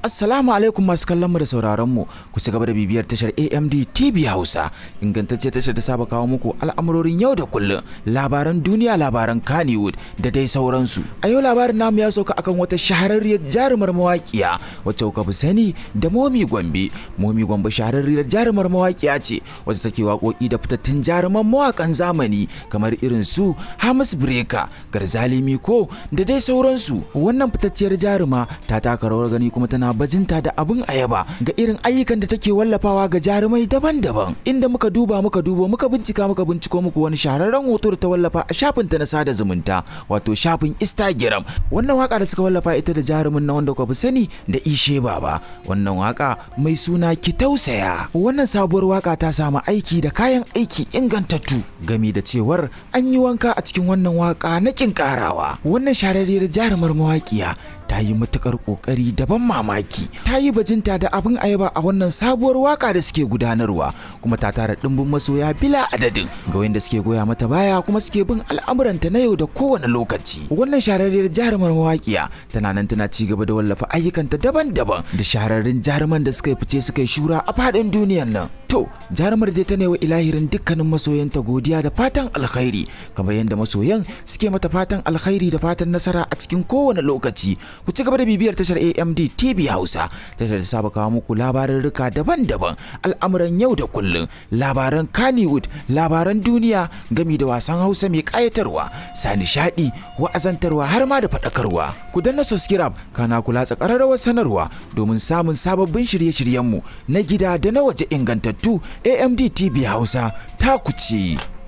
Assalamu alaikum masu kallon mu da sauraron mu ku ci gaba da bibiyar tashar AMD TV Hausa ingantacce tashar da saba kawo muku al'amurorin yau da kullum labaran duniya labaran Kannywood da dai sauransu a yau labarin namu ya sauka akan wata shahararriyar jarumar mawaƙiya wacce kuka fi sani da Momi Gombe Momi Gombe shahararriyar jarumar mawaƙiya ce wacce take waƙoƙi da fitattun jaruman mawakan zamani kamar irin su Hamis Breka Garzali Miko da dai sauransu wannan fitacciyar jaruma ta taka rawar gani kuma tana bajinta da abin ayaba ga irin ayyukan da take wallafawa ga jarumai daban-daban inda muka duba muka duba muka bincika muka binciko muku wani shahararren hoto da ta wallafa a shafin ta na sada zumunta wato shafin Instagram wannan waka da suka wallafa ita da jarumin na wanda ku sani da Ishe Baba wannan waka mai suna ki tausaya wannan sabuwar waka ta samu aiki da kayan aiki ingantattu gami da cewar an yi wanka a cikin wannan waka na kin karawa wannan shahararriyar jarumar mawaƙiya ta yi matukar ƙoƙari daban mamaki mamaki ta yi bajinta da abin ayaba a wannan sabuwar waka da suke gudanarwa kuma ta tara dimbin masoya bila adadin ga wanda suke goya mata baya kuma suke bin al'amuranta na yau da kowane lokaci wannan shahararriyar jarumar mawaƙiya tana nan tana ci gaba da wallafa ayyukanta daban-daban da shahararrun jaruman da suka fice suka yi shura a faɗin duniyar nan to jarumar dai ta wa ilahirin dukkanin masoyanta godiya da fatan alkhairi kamar yadda masoyan suke mata fatan alkhairi da fatan nasara a cikin kowane lokaci ku ci gaba da bibiyar tashar AMD TV Hausa tashar da saba kawo muku rika daban-daban al'amuran yau da kullun labaran Kannywood labaran duniya gami da wasan Hausa mai kayatarwa sa nishadi wa'azantarwa har ma da faɗakarwa ku danna subscribe kana kula tsakararrawar sanarwa domin samun sababbin shirye-shiryenmu na gida da na waje ingantattu makarantu amd tv hausa ta kuce